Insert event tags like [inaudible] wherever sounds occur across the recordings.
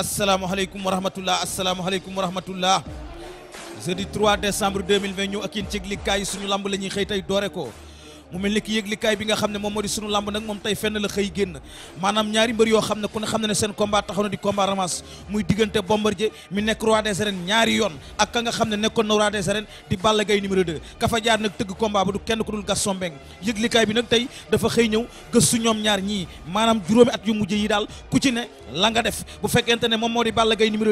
asalaamaaleykum wa rahmatulah asalaamaaleykum wa rahmatulah jeudi 3 décembre 2020 ñu ak yéen ci likkaay suñu làmb la ñuy xëy tey doore ko. mu mel ni ki yëglikaay bi nga xam ne moom moo di sunu lamb nag moom tey fenn la xëy génn maanaam ñaari mbër yoo xam ne ku ne xam ne ne seen combat taxaw na di combat ramas muy diggante Bombardier mi nekk roi xam ne nekkoon na roi des arènes di Balla Gaye numéro 2 ka fa jaar nag ku dul Gaston Mbengue yëglikaay bi nag tey dafa xëy ñëw gëstu ñoom ñaar ñii maanaam juróomi at yu mujj yi daal ku ci la nga def bu fekkente ne moom moo di Balla Gaye numéro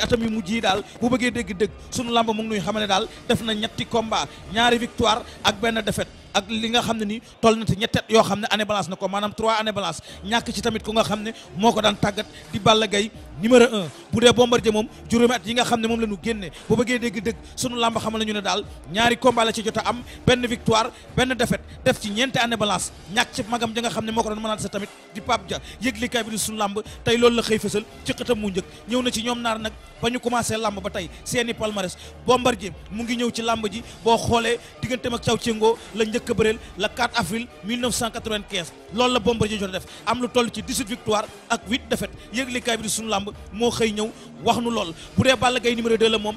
atam yu mujj yi daal bu bëggee dégg dëgg sunu lamb mu ngi nuy xam ne daal def na ñetti combat ñaari victoire ak benn défaite ak li nga xam ne nii toll na ci ñettet yoo xam ne année balance na ko maanaam trois année balance ñàkk ci tamit ku nga xam ne moo ko daan tàggat di Balla Gaye numéro un bu dee Bombardier moom juróomi at yi nga xam ne moom la ñu génne bu bëggee dégg dëgg sunu làmb xamal nañu ne daal ñaari combat ci jot a am benn victoire benn défaite def ci ñeenti année balance ñàkk ci magam ja nga xam ne moo ko doon mënaat sa tamit di Pape Dia yëglikaay bi di sunu làmb tey na ba ñu commencé ba tey seeni palmarès Bombardier mu ngi ñëw ci làmb ji boo njëkk a bëreel la 4 avril 1995 loolu la Bombardier jot a def am lu toll ci 18 victoire ak 8 défaites yëglikaay bi di sunu làmb moo xëy ñëw wax nu lool bu dee Balla Gaye numéro 2 la moom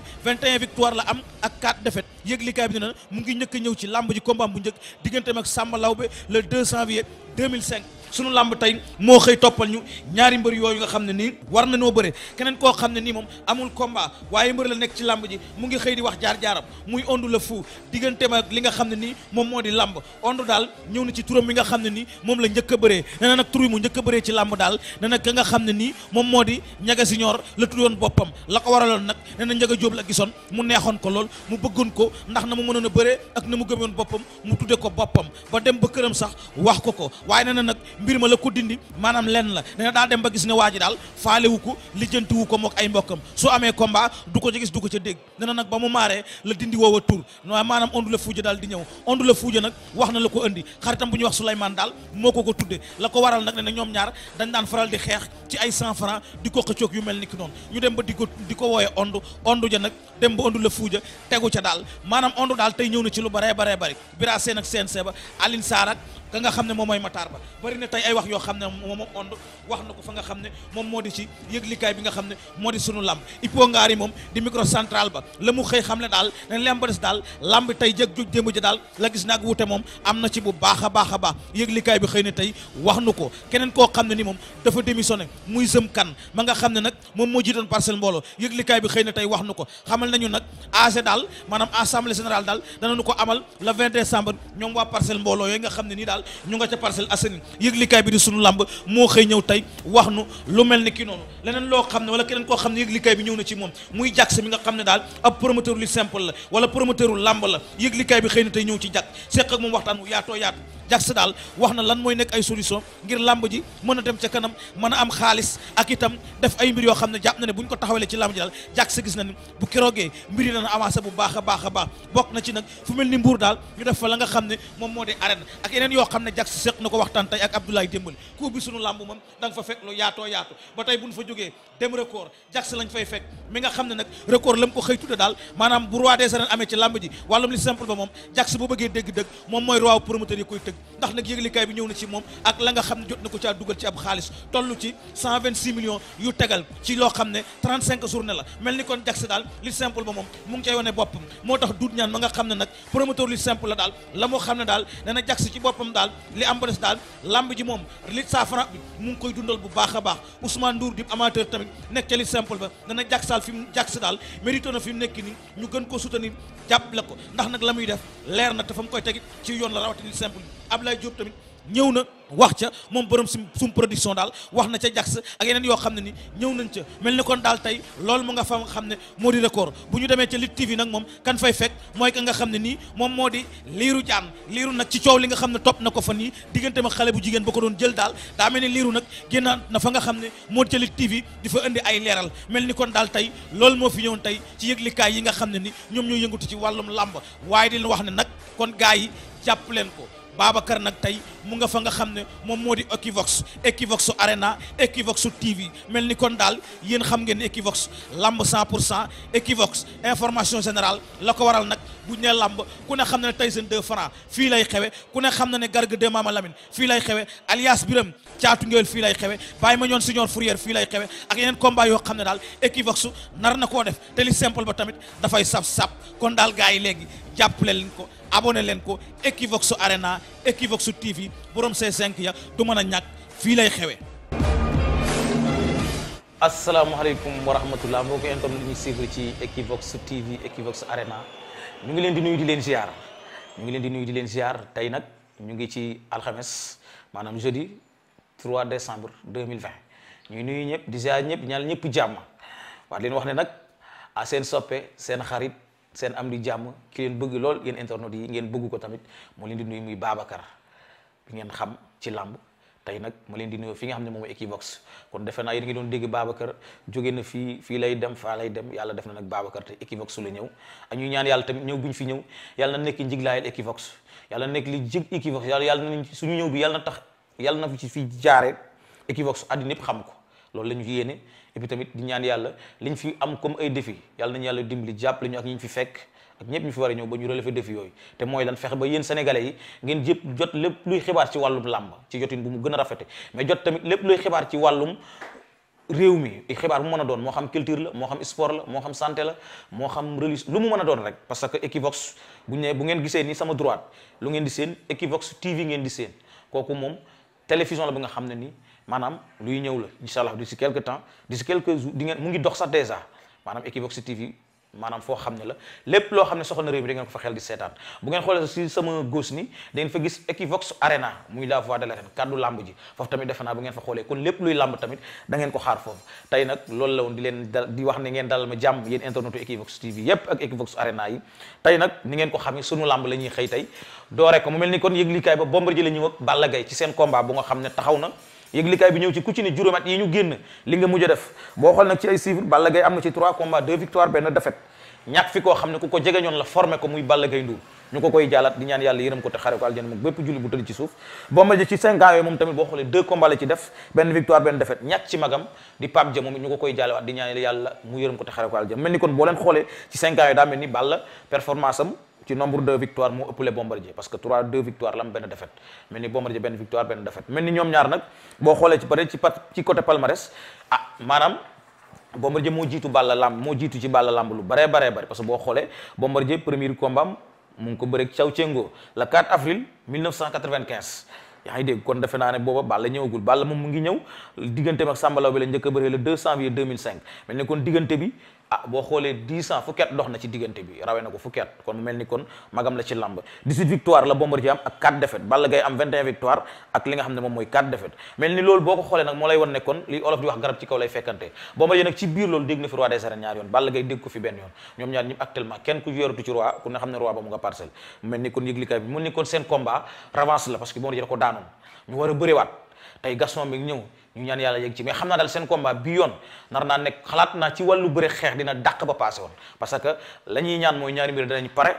victoire la am ak 4 défaites yëglikaay bi dina mu ngi njëkk a ñëw ci làmb ji combat bu njëkk digganteem ak Samba Lawbe le 2 janvier 2005 sunu làmb tey moo xëy toppal ñu ñaari mbër yooyu nga xam ne nii war na noo bëre keneen koo xam ne nii moom amul combat waaye mbër la nekk ci làmb ji mu ngi xëy di wax jaar-jaaram muy ondu la fou digganteem ak li nga xam ne nii moom moo di làmb ondu daal ñëw na ci turam mi nga xam ne nii moom la njëkk a bëree nee na mu njëkk a ci làmb daal ne na ka nga xam ne nii moom moo di ñaga siñoor la tuddoon boppam la ko waraloon nag nee na njaga jóob la gisoon mu neexoon ko lool mu bëggoon ko ndax na mu mënoon a bëree ak na mu gëmoon boppam mu tudde ko boppam ba dem ba këram sax wax ko ko waaye nee na nag mbir ma la ko dindi maanaam lenn la nee na daa dem ba gis ne waa ji daal faalewu ko lijjantiwu ko mook ay mbokkam soo amee combat du ko ci gis du ko ca dégg nee na nag ba mu maaree la dindi woow a tur waaye maanaam Onde le daal di ñëw Onde le nag wax na la ko indi xaritam bu ñuy wax Souleymane daal moo ko ko tudde la ko waral nag ne ñoom ñaar dañ daan faral di xeex ci ay cent francs di ko xëccoog yu mel ni ki noonu ñu dem ba di ko di ko wooye Onde Onde ja nag dem ba Onde le Foudia ca daal maanaam Onde daal tey ñëw na ci lu baree baree bari bira seen ak CNC ba Aline Sarr ka nga xam ne moom mooy Matar Ba bari na tey ay wax yoo xam ne moom moo di ci yëglikaay bi nga xam ne moo di sunu lamb ipo ngaari moom di micro central ba la mu xëy xam ne daal dañ leen ba des daal lamb tey jëg jóg démb daal la gis naag wute moom am na ci bu baax a baax a baax yëglikaay bi xëy na tey wax nu ko keneen koo xam ne ni moom dafa démissionné muy sëm kan ma nga xam ne nag moom moo jiitoon parcelle mbooloo yëglikaay bi xëy na tey wax nu ko xamal nañu nag AG daal maanaam assemblée générale daal danañu ko amal le 20 décembre ñoom waa parcelle mbooloo yooyu nga xam ne nii daal Sénégal ñu nga ca Parcelles Assainies yëglikaay bi di sunu làmb moo xëy ñëw tey wax nu lu mel ni ki noonu leneen loo xam ne wala keneen koo xam ne yëglikaay bi ñëw na ci moom muy jàk sa mi nga xam ne daal ab promoteur lu simple la wala promoteur u làmb la yëglikaay bi xëy na tey ñëw ci jàk seq ak moom waxtaan wu yaatoo yaatu Jax daal wax na lan mooy nekk ay solution ngir làmb ji mën a dem ca kanam mën a am xaalis ak itam def ay mbir yoo xam ne jàpp na ne bu ñu ko taxawalee bu keroogee mbir a baax bokk na ci nag fu mel ni mbuur daal la nga xam ne moom moo di arène yoo xam ne Jax seq na ko waxtaan tey ak Abdoulaye Dembélé ku bi sunu làmb moom nga fa fekk lu yaatoo yaatu ba tey bu ñu fa jógee dem record Jax lañ xam ne nag record la mu ko xëy tudde daal maanaam bu roi des arènes amee ci làmb ji wàllum li simple ba moom Jax boo bëggee dégg dëgg moom mooy roi promoteur yi koy tëgg ndax nag yëglikaay bi ñëw na ci moom ak la nga xam ne jot na ko caa dugal ci ab xaalis toll ci 126 millions yu tegal ci loo xam ne 35 journée la mel ni kon jagsi daal li simple ba moom mu ngi cay wane boppam moo tax duut ñaan ma nga xam ne nag promoteur li simple la daal la moo xam ne daal dana na jagsi ci boppam daal li am ba des daal lamb ji moom li saafara mu ngi koy dundal bu baax a baax Ousmane Ndour di amateur tamit nekk ca li simple ba dana na jagsaal fi mu jagsi daal mérité na fi mu nekk ni ñu gën ko soutenir jàpp ko ndax nag la muy def leer na te fa mu koy ci yoon la rawati li simple ab Ablaye Diop tamit ñëw na wax ca moom borom sum sum production daal wax na ca jax ak yeneen yoo xam ne ni ñëw nañ ca mel ni kon daal tey loolu mu nga fa xam ne moo di record bu ñu demee ca Lutte TV nag moom kan fay fekk mooy ka nga xam ne nii moom moo di liiru jaan liiru ci coow li nga xam ne topp na ko fa nii diggante ma xale bu jigéen ba doon jël daal daa mel ni liiru nag génnaat na fa nga xam ne moo di ca Lutte ay leeral mel ni kon daal tey loolu moo fi ñëwoon tey ci yëglikaay yi nga xam ne ni ñoom ñoo yëngatu ci wàllum làmb waaye di wax ne nag kon gaa yi jàpp leen ko Babacar nag tey mu nga fa nga xam ne moom moo di Equivox Equivox Arena Equivox TV mel ni kon daal yéen xam ngeen ne Equivox lamb 100 pour cent Equivox information général la ko waral nag bu ñu nee làmb ku ne xam na ne Tyson 2 Franc fii lay xewe ku ne xam na ne Garga 2 Mama Lamine fii lay xewe alias Biram Caatu Ngéwél fii lay xewe Baye Mandione Junior Fourier fii lay xewe ak yeneen combat yoo xam ne daal Equivox nar na koo def te li simple ba tamit dafay sab sap kon daal gaa yi léegi jàppale leen ko abonné leen ko Equivox Arena Equivox TV borom C5 ya du mën a ñàkk fii lay xewe asalaamaaleykum wa rahmatulah mbokk internet ñu suivre ci Equivox TV Equivox Arena ñu ngi leen di nuyu di leen ziar ñu ngi leen di nuyu di leen ziar tey nag ñu ngi ci alxames maanaam jeudi 3 décembre 2020 ñuy nuyu ñëpp di ziar ñëpp ñaanal ñëpp jàmm waa leen wax ne nag a seen soppe seen xarit seen am di jàmm ki leen bëgg lool yéen internautes yi ngeen bëgg ko tamit moo leen di nuyu muy Babacar bi ngeen xam ci làmb tey nag ma leen di nuyoo fi nga xam ne moom mooy Equivox kon defe naa yéen ngi doon dégg Babacar jóge na fii fii lay dem faa lay dem yàlla def na nag Babacar te Equivox la ñëw ak ñuy ñaan yàlla tamit ñëw bu ñu fi ñëw yàlla na nekk njiglaayal Equivox yàlla nekk li jig Equivox yàlla yàlla na suñu ñëw bi yàlla na tax yàlla na fi fi jaare Equivox àddina yëpp xam ko loolu la ñu yéene et puis tamit di ñaan yàlla liñ fi am comme ay défi yàlla nañu yàlla dimbali jàppale ñu ak ñi ñu fi fekk ak ñëpp ñu fi war a ñëw ba ñu relever défi yooyu te mooy lan fexe ba yéen sénégalais yi ngeen jëpp jot lépp luy xibaar ci wàllum làmb ci jotin bu mu gën a rafete mais jot tamit lépp luy xibaar ci wàllum réew mi xibaar mu mën a doon moo xam culture la moo xam sport la moo xam sante la moo xam religion lu mu mën a doon rek parce que Equivox bu ñu nee bu ngeen gisee ni sama droite lu ngeen di seen Equivox TV ngeen di seen kooku moom télévision la bi nga xam ne nii maanaam luy ñëw la incha allah d'ici quelque temps d'ici quelques jours mu ngi dox sax déjà maanaam Equivox TV maanaam foo xam ne la lépp loo xam ne soxal na réew mi da ngeen ko fa xel di seetaan bu ngeen xoolee si sama gauche ni da ngeen fa gis Equivox Arena muy la voix de làmb ji foofu tamit defe naa bu ngeen fa xoolee kon lépp luy làmb tamit da ngeen ko xaar foofu tey nag loolu la woon di leen di wax ne ngeen dalal ma jàmm yéen internetu Equivox TV yépp ak Equivox Arena yi tey nag ni ngeen ko xamee sunu làmb la ñuy xëy tey doo ko mu mel ni kon yëglikaay ba Bombardier la ñëw ak Balla Gaye ci seen combat bu nga ne taxaw na yëglikaay bi ñëw ci ku ci ne juróom at yi ñu génn li nga mujj a def boo xool nag ci ay chiffres Balla Gaye am na ci 3 combats 2 ko jegeñoon la formé ko muy Balla Gaye Ndour ñu ko koy jaalat di ñaan victoire benn défaite ñàkk ci magam di Pape Dia moom ñu ko koy jaalewaat di ñaan yàlla mu yërëm ko te xare ko aljana mel ni kon boo leen xoolee ci 5 yooyu daa mel ni Balla performance ci nombre de victoire moo ëppale Bombardier parce que 3 2 victoire la benn défaite mel ni Bombardier benn victoire benn défaite mel ni ñoom ñaar nag boo xoolee ci peut ci pat ci côté palmarès ah maanaam Bombardier moo jiitu Balla Lamb moo jiitu ci Balla Lamb lu baree baree bari parce que boo xoolee Bombardier premier combat am mu ngi ko bëreeg Thiaw Tchengo le 4 avril yaa ngi dégg kon defe naa ne booba Balla ñëwagul Balla moom mu ngi ñëw digganteem ak Samba Laobé la njëkk a bëree le diggante bi ah boo xoolee dix ans fukki at dox na ci diggante bi rawee na ko fukki at kon mu mel ni kon magam la ci làmb 18 victoire la Bombardier am ak 4 défaites Balla Gaye am 21 victoire ak li nga xam ne moom mooy 4 défaites mel ni loolu boo ko xoolee nag moo lay wan ne li olof di wax garab ci kaw lay fekkante Bombardier nag ci biir loolu dégg na fi roi des arènes ñaar yoon Balla Gaye dégg ko fi benn yoon ñoom ñaar ñëpp actuellement kenn ku ñu ñaan yàlla yegg ci mais xam naa daal seen combat bi yoon nar naa nekk xalaat naa ci wàllu bëre xeex dina dàq ba passé woon parce que la ñaan mooy ñaari mbir dinañ pare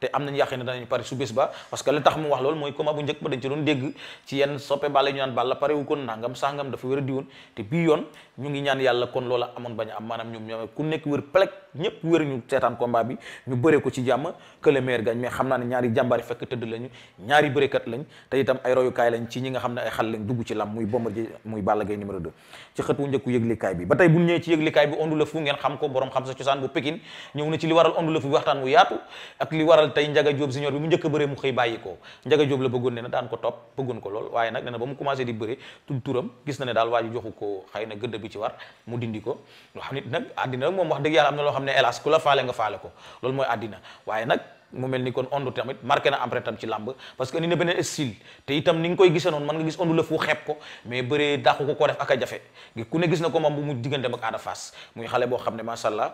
te am nañu yàqee ne danañu pare su bés ba parce que li tax mu wax loolu mooy combat ba dañ ci doon dégg ci yenn soppe Balla ñu naan Balla pare wu ko nangam sangam dafa wér a diwoon te bii yoon ñu ngi ñaan yàlla kon loola amoon bañ am maanaam ñoom ñoom ku nekk wér plek ñëpp wér ñu seetaan combat bi ñu bëree ko ci jàmm que le mais xam naa ne ñaari jàmbaari fekk tëdd lañu ñaari bërekat lañ te itam ay royukaay lañ ci ñi nga xam ne ay xal lañ waral tey Ndiaga Diop senior bi mu njëkk a bëree mu xëy bàyyi ko Ndiaga Diop la bëggoon ne na daan ko topp bëggoon ko lool waaye nag ne na ba mu commencé di bëre tudd turam gis na ne daal waa joxu ko xëy na gëdd bi ci war mu dindi ko loo xam ne nag àddina nag moom wax dëgg yàlla am na loo xam ne hélas ku la faale nga faale ko loolu mooy àddina waaye nag mu mel ni kon Onde tamit marqué na empreinte tam ci làmb parce que ni na beneen style te itam ni nga koy gisee noonu mën nga gis Onde lëf wu xeeb ko mais bëree dàqu ko koo def ak a jafe ku ne gis na ko moom mu diggante ak Ada Fass muy xale boo xam ne macha allah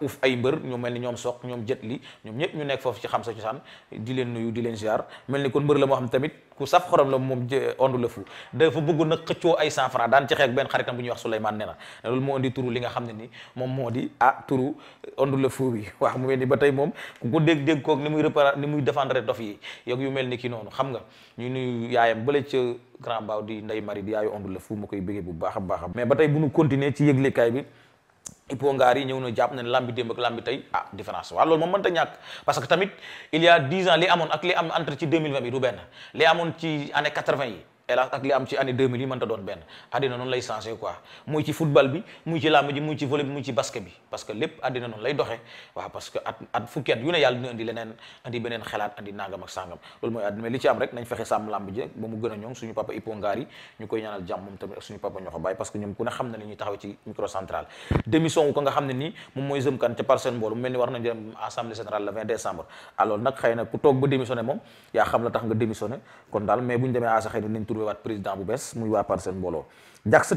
uuf ay mbër ñu mel ni ñoom soq ñoom jët li ñoom ñëpp ñu nekk foofu ci xam sa cosaan di leen nuyu di leen ziar mel ni kon mbër la moo xam tamit ku saf xorom la moom ondu la fu dafa bëggoon nag xëccoo ay cent francs daan ci xeex benn xaritam bu ñuy wax Souleymane nee na loolu moo indi turu li nga xam ne ni moom moo di ah turu ondu la fu bi [laughs] waaw mu mel ba tey moom ku ko dégg-dégg koog ni muy réparer ni muy défendre dof yi yoog yu mel ni ki noonu xam nga ñu nuyu yaayam bële ca grand baaw di Ndeye Marie di yaayu ondu la fu ma koy bëggee bu baax a mais ba tey bu ñu continuer ci yëglekaay bi Ipongaar yi ñëw na jàpp na lambi démb ak lambi tey ah différence waaw loolu moom mënta ñàkk parce que tamit il y a dix ans li amoon ak li am entre ci deux mille vingt bi du benn li amoon ci année quatre vingt yi hélas ak li am ci année 2000 yi mënta doon benn àddina noonu lay changé quoi muy ci football bi muy ci làmb muy ci volley bi muy ci basket bi parce que lépp àddina noonu lay doxee waaw parce que at fukki at yu ne yàlla dina indi leneen indi beneen xalaat indi nangam ak sangam loolu mooy àddina li ci am rek nañ fexe sàmm làmb ji ba mu gën a suñu papa Ipo Ngaar yi ñu koy ñaanal jàmm moom tamit suñu papa ñoxo bàyyi parce que ñoom ku trouvé waat président bu bees muy waa par seen mbooloo jax sa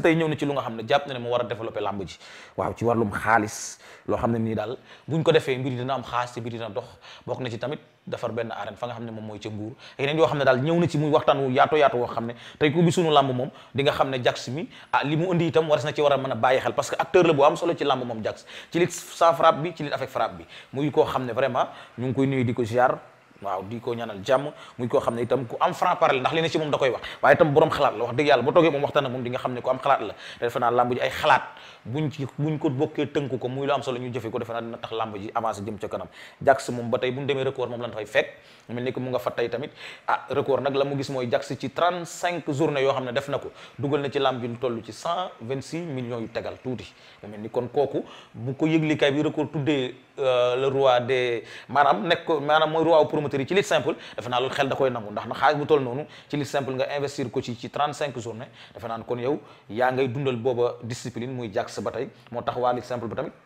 ah, parce que acteur la bu am solo ci làmb moom jax ci lit sans frappe bi ci lit avec frappe bi muy koo xam ne vraiment ñu koy nuyu di ko ziar waaw di ko ñaanal jàmm muy koo xam ne itam ku am franc parler ndax li ne ci moom da koy wax waaye itam borom xalaat la wax dëgg yàlla ba toogee moom waxtaan ak moom di nga xam ne ku am xalaat la te defe naa làmb ji avancé jëm moom ba tey buñ demee record moom lan fay fekk mel ni que mu nga fa tey tamit ah record nag la mu gis mooy jax ci 35 journée yoo xam ne def na ko dugal na ci làmb ji lu toll ci 126 millions yu tegal Euh, le roi des maanaam nekk ko maanaam mooy roi promoteur yi ci lutte simple defe naa loolu xel da koy nangu ndax na xaalis bu toll noonu ci lutte simple nga investir ko ci ci trente cinq journée defe naa kon yow yaa ngay dundal booba discipline muy jàkk sa ba tey moo tax waa lutte simple ba tamit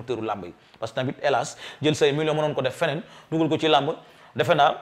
promoteur u làmb yi parce que tamit hélas jël say million mënoon ko def feneen dugal ko ci làmb defe naa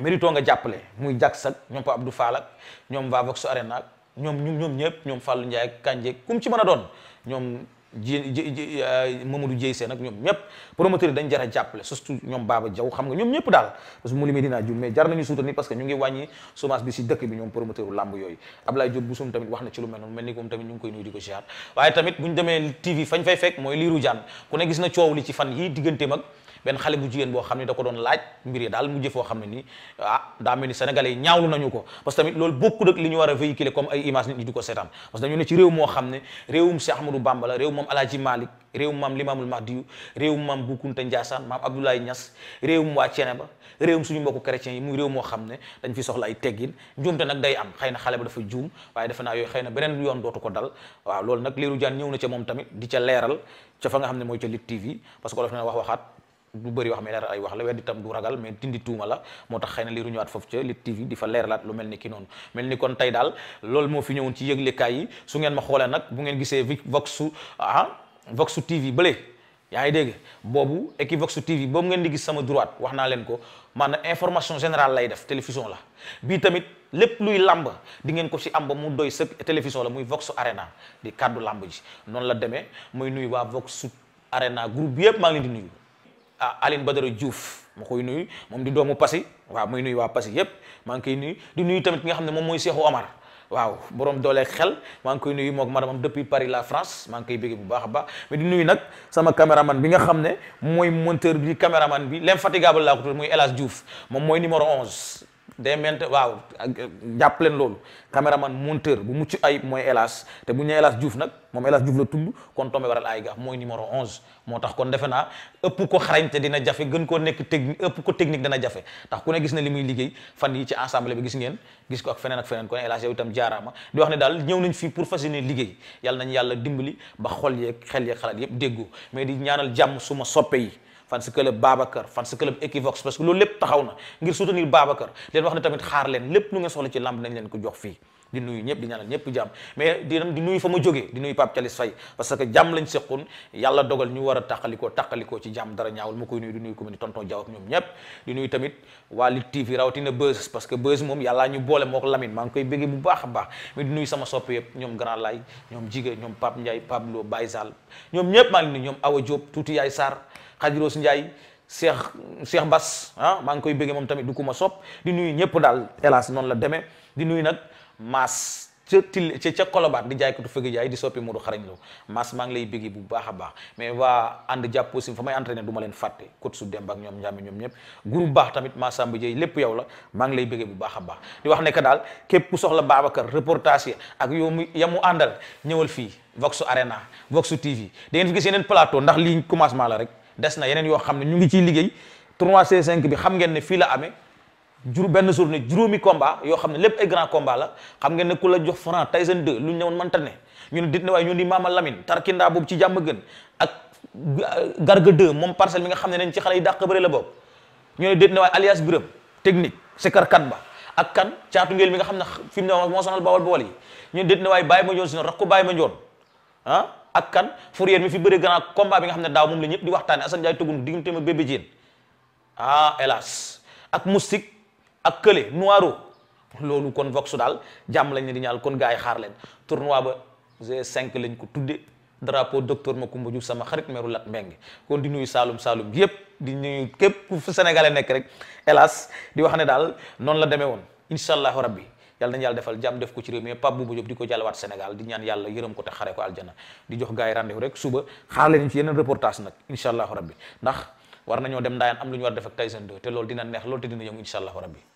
mérito nga jàppale muy jàk sak ñoom pa Abdou Fall ak ñoom Vavox Arena ñoom ñoom ñëpp ñoom Fallou Ndiaye ak Kanje kum ci man a doon ñoom ji euh, Mamadou Dieye Sène ak ñoom ñëpp promoteur yi dañ jar a jàppale surtout ñoom Baba Diaw xam nga ñoom ñëpp daal parce que mu limee dinaa jum mais jar nañu soutenir parce que ñu ngi wàññi semence bi si dëkk bi ñoom promoteur làmb yooyu Ablaye Diop bu sum tamit wax na ci lu mel noonu mel ni moom tamit ñu ngi koy nuyu di ko ziar waaye tamit bu ñu demee TV fañ fay fekk mooy Lirou Diane ku ne gis na coow li ci fan yi digganteem ak benn xale bu jigéen boo xam ne da doon laaj mbir yi daal xam ne nii ah daa mel ni sénégalais yi ñaawlu ko parce que tamit loolu bokkul ak li ñu war a véhiculer comme ay image nit ñi di ko seetaan parce que dañu la réew moom Alaaji Malick réewum maam Limaamul Mahdiyu réewum maam yi muy réew moo xam ne dañ fi soxla ay teggin njuumte nag day am xëy na xale ba dafa juum waaye defe naa yooyu xëy na beneen yoon dootu ko dal waaw loolu nag Lirou Diane ñëw na ca moom tamit di ca leeral ca fa nga xam ne mooy ca Lutte TV parce que olof na wax waxaat du bëri wax mais dara ay wax la weddi tam du ragal mais dindi tuuma la moo tax xëy na li at foofu ca Lutte TV di fa leeralaat lu mel ni ki noonu mel ni kon tey daal loolu moo fi ñëwoon ci yëglekaay yi su ngeen ma xoolee nag bu ngeen gisee Vox ah Vox TV bële yaa ngi dégg boobu Equivox TV boobu ngeen di gis sama droit wax naa leen ko maanaam information général lay def télévision la bii tamit lépp luy lamb di ngeen ko ci am ba mu doy sëkk télévision la muy Vox Arena di kàddu lamb ji noonu la demee muy nuyu waa Vox Arena groupe bi yëpp maa ngi leen nuyu. Aline Badara Diouf ma koy nuyu moom di doomu Passy waaw muy nuyu waa Passy yépp maa ngi koy nuyu di nuyu tamit ki nga xam ne moom mooy Cheikhou Omar waaw borom dooleeg xel maa ngi koy nuyu mook madamam depuis Paris la France maa ngi koy bégge bu baax a baax mais di nuyu nag sama caméraman bi nga xam ne mooy monteur bi caméraman bi l'infatigable laa ko tudd muy El Hadj Diouf moom mooy numéro 11 de mente waaw jàpp leen loolu caméraman monteur bu mucc ayib mooy Elas te mu ñu nee Elas Diouf nag moom Elas Diouf la tudd kon tombé waral ay gaaf mooy numéro 11 moo tax kon defe naa ëpp ko xarañte dina jafe gën koo nekk technique ëpp ko technique dana jafe ndax ku ne gis na li muy liggéey fan yi ci ensemble bi gis ngeen gis ko ak feneen ak feneen kon Elas yow itam jaaraama di wax ne daal ñëw nañ fii pour fas yéene liggéey yàlla nañ yàlla dimbali ba xol yeeg xel yeeg xalaat yépp déggoo mais di ñaanal jàmm suma soppe yi fans club Babacar fans club Equivox parce que loolu lépp taxaw na ngir soutenir Babacar leen wax ne tamit xaar leen lépp lu nga soxla ci lamb nañ leen ko jox fii di nuyu ñëpp di ñaanal ñëpp a ñoom koy béggee bu baax a di nuyu sama sopp yëpp ñoom Grand Lay ñoom Jigé ñoom Pape Ndiaye Pape Lo Baye ñoom ñëpp maa ngi nuyu ñoom Awa Diop tuuti Yaay Sarr xajiroos Ndiaye Cheikh Cheikh Bass ah maa ngi koy bëggee moom tamit du ku ma sopp di nuyu ñëpp daal hélas noonu la demee di nuyu nag maas ca til ca ca di jaay ko tu fëgg jaay di soppi Modou xarañ lo maas maa ngi lay bëggee bu baax a baax mais waa ànd jàpp aussi fa may entraîné du ma leen fàtte côte su demb ak ñoom njàmme ñoom ñëpp groupe baax tamit maa Samba Dieye lépp yow la maa ngi lay bëggee bu baax a baax di wax ne que daal képp ku soxla Babacar reportage yi ak yow mu yamu àndal ñëwal fii Vox Arena Vox TV da ngeen fi gis yeneen plateau ndax lii commencement la rek des na yeneen yoo xam ne ñu ngi ciy liggéey tournoi C5 bi xam ngeen ne fii la amee jur benn journée juróomi combat yoo xam ne lépp ay grand combat la xam ngeen ne ku la jox Franc Tyson 2 lu ñu newoon mënta ne ñu ne dit ne waaye ñu di Mama Lamine Tarkinda boobu ci jàmm gën ak Garga 2 moom parcelle bi nga xam ne nañ ci xale dàq bëri la boobu ñu ne dit ne waaye alias Birame technique Sekar ba ak kan caatu ngeen mi nga xam ne fi mu ne moo sonal bawal bawal yi ñu ne dit ne waaye Ma Ndione si ne rakk ko Baye Ma Ndione ah ak kan Fourier mi fi bëre grand combat bi nga xam ne daaw moom la ñëpp di waxtaane Assane Ndiaye tëggun diggante ma bébé Diène ah hélas ak moustique ak kële noiro loolu kon vox daal jàmm lañu ne di ñaal kon gars yi xaar leen tournoi ba G5 lañ ko tudde drapeau docteur Macoumba Diouf sama xarit meeru lat mbeng kon di nuyu Saalum Saalum yépp di nuyu képp fu sénégalais nekk rek hélas di wax ne daal noonu la demee woon incha allahu rabbi yàlla nañu yàlla defal jàmm def ko ci réew mi Pape Bouba Diop di ko jàllewaat Sénégal di ñaan yàlla yërëm ko te xare ko aljana di jox gars yi rendez rek suba xaar leen ci yeneen reportage nag incha allahu rabbi ndax war nañoo dem ndaayaan am lu ñu war def ak Tyson 2 te loolu dina neex loolu te dina yëngu incha allahu rabbi